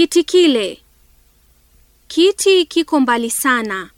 Kiti kile. Kiti kiko mbali sana.